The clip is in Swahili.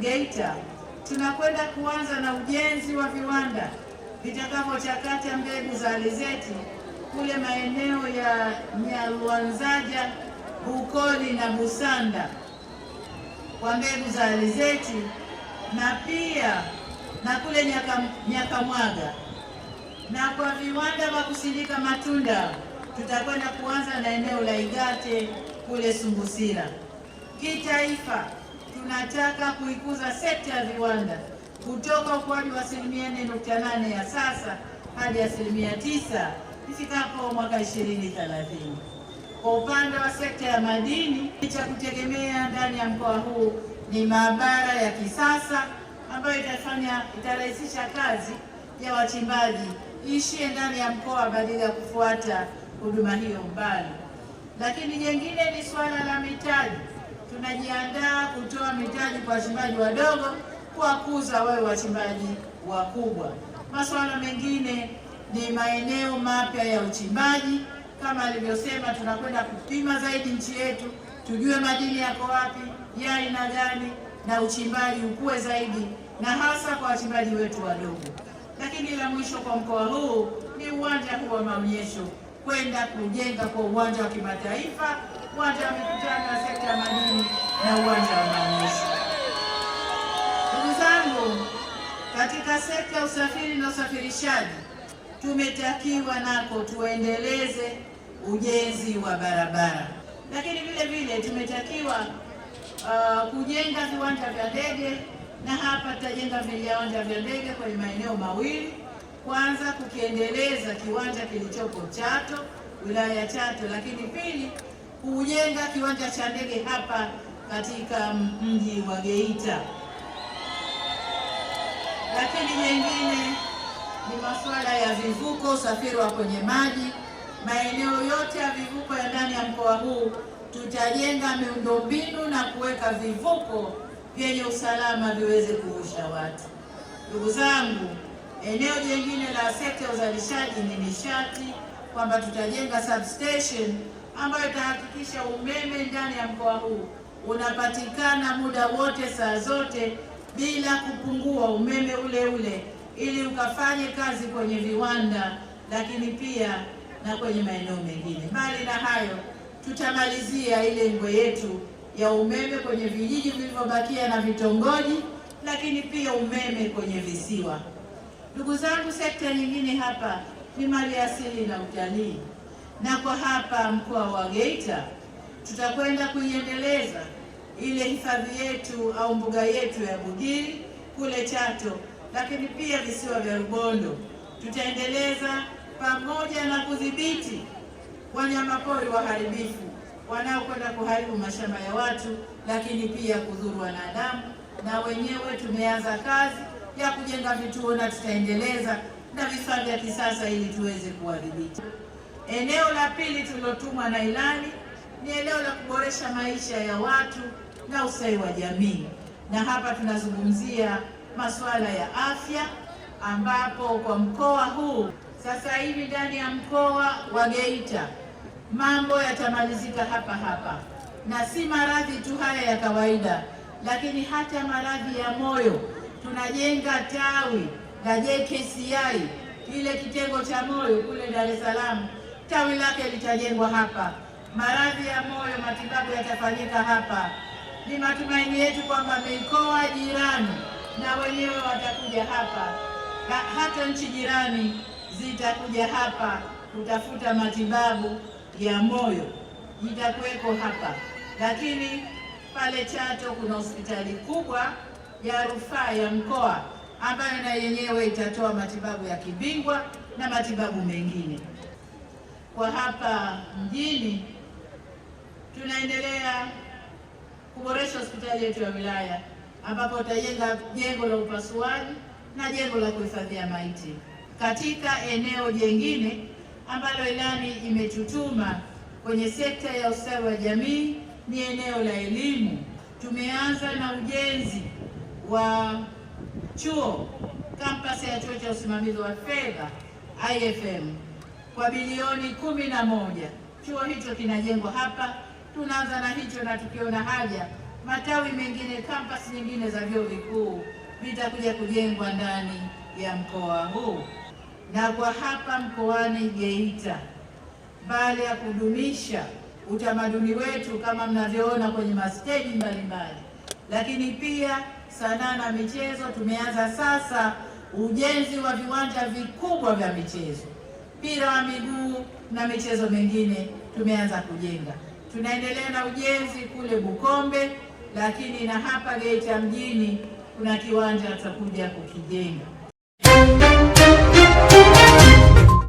Geita, tunakwenda kuanza na ujenzi wa viwanda vitakavyochakata mbegu za alizeti kule maeneo ya Nyaluanzaja, Bukoli na Busanda kwa mbegu za alizeti na pia na kule Nyakam, mwaga na kwa viwanda vya kusindika matunda tutakwenda kuanza na eneo la Igate kule Sumbusira. Kitaifa tunataka kuikuza sekta ya viwanda kutoka ukuaji wa asilimia 4.8 ya sasa hadi asilimia 9 ifikapo mwaka 2030. Kwa upande wa sekta ya madini, cha kutegemea ndani ya mkoa huu ni maabara ya kisasa ambayo itafanya itarahisisha kazi ya wachimbaji ishie ndani ya mkoa badala ya kufuata huduma hiyo mbali. Lakini jengine ni suala la mitaji tunajiandaa kutoa mitaji kwa wachimbaji wadogo kuwakuza wao wachimbaji wakubwa. Masuala mengine ni maeneo mapya ya uchimbaji, kama alivyosema, tunakwenda kupima zaidi nchi yetu, tujue madini yako wapi, ya aina gani, na uchimbaji ukue zaidi, na hasa kwa wachimbaji wetu wadogo. Lakini la mwisho kwa mkoa huu ni uwanja huu wa maonyesho kwenda kujenga kwa uwanja wa kimataifa, uwanja wa mikutano ya sekta ya madini na uwanja wa maonyesho. Ndugu zangu, katika sekta ya usafiri na usafirishaji, tumetakiwa nako tuendeleze ujenzi wa barabara, lakini vile vile tumetakiwa uh, kujenga viwanja vya ndege, na hapa tutajenga viwanja vya ndege kwenye maeneo mawili kwanza kukiendeleza kiwanja kilichopo Chato, wilaya ya Chato, lakini pili kujenga kiwanja cha ndege hapa katika mji wa Geita. Lakini nyingine ni masuala ya vivuko, usafiri wa kwenye maji. Maeneo yote ya vivuko ya ndani ya mkoa huu tutajenga miundombinu na kuweka vivuko vyenye usalama viweze kuvusha watu. Ndugu zangu Eneo jingine la sekta ya uzalishaji ni nishati, kwamba tutajenga substation ambayo itahakikisha umeme ndani ya mkoa huu unapatikana muda wote saa zote bila kupungua, umeme ule ule, ili ukafanye kazi kwenye viwanda, lakini pia na kwenye maeneo mengine. Mbali na hayo, tutamalizia ile ngwe yetu ya umeme kwenye vijiji vilivyobakia na vitongoji, lakini pia umeme kwenye visiwa. Ndugu zangu, sekta nyingine hapa ni mali asili na utalii, na kwa hapa mkoa wa Geita tutakwenda kuiendeleza ile hifadhi yetu au mbuga yetu ya Bugiri kule Chato, lakini pia visiwa vya Rubondo tutaendeleza pamoja na kudhibiti wanyamapori waharibifu wanaokwenda kuharibu mashamba ya watu, lakini pia kudhuru wanadamu, na wenyewe tumeanza kazi ya kujenga vituo na tutaendeleza na vifaa vya kisasa ili tuweze kuwadhibiti. Eneo la pili tulilotumwa na ilani ni eneo la kuboresha maisha ya watu na ustawi wa jamii, na hapa tunazungumzia masuala ya afya, ambapo kwa mkoa huu sasa hivi ndani ya mkoa wa Geita mambo yatamalizika hapa hapa, na si maradhi tu haya ya kawaida, lakini hata maradhi ya moyo tunajenga tawi la JKCI kile kitengo cha moyo kule Dar es Salaam, tawi lake litajengwa hapa. Maradhi ya moyo, matibabu yatafanyika hapa. Ni matumaini yetu kwamba mikoa jirani na wenyewe watakuja hapa, hata nchi jirani zitakuja hapa kutafuta matibabu ya moyo, itakuweko hapa. Lakini pale Chato kuna hospitali kubwa ya rufaa ya mkoa ambayo na yenyewe itatoa matibabu ya kibingwa na matibabu mengine. Kwa hapa mjini tunaendelea kuboresha hospitali yetu ya wilaya ambapo utajenga jengo la upasuaji na jengo la kuhifadhia maiti katika eneo jengine ambalo ilani imetutuma kwenye sekta ya ustawi wa jamii ni eneo la elimu. Tumeanza na ujenzi wa chuo kampasi ya chuo cha usimamizi wa fedha IFM kwa bilioni kumi na moja. Chuo hicho kinajengwa hapa, tunaanza na hicho na tukiona haja, matawi mengine kampasi nyingine za vyuo vikuu vitakuja kujengwa ndani ya mkoa huu na kwa hapa mkoani Geita, mbali ya kudumisha utamaduni wetu kama mnavyoona kwenye masteji mbalimbali, lakini pia sanaa na michezo, tumeanza sasa ujenzi wa viwanja vikubwa vya michezo, mpira wa miguu na michezo mingine tumeanza kujenga. Tunaendelea na ujenzi kule Bukombe, lakini na hapa Geita mjini kuna kiwanja tutakuja kukijenga.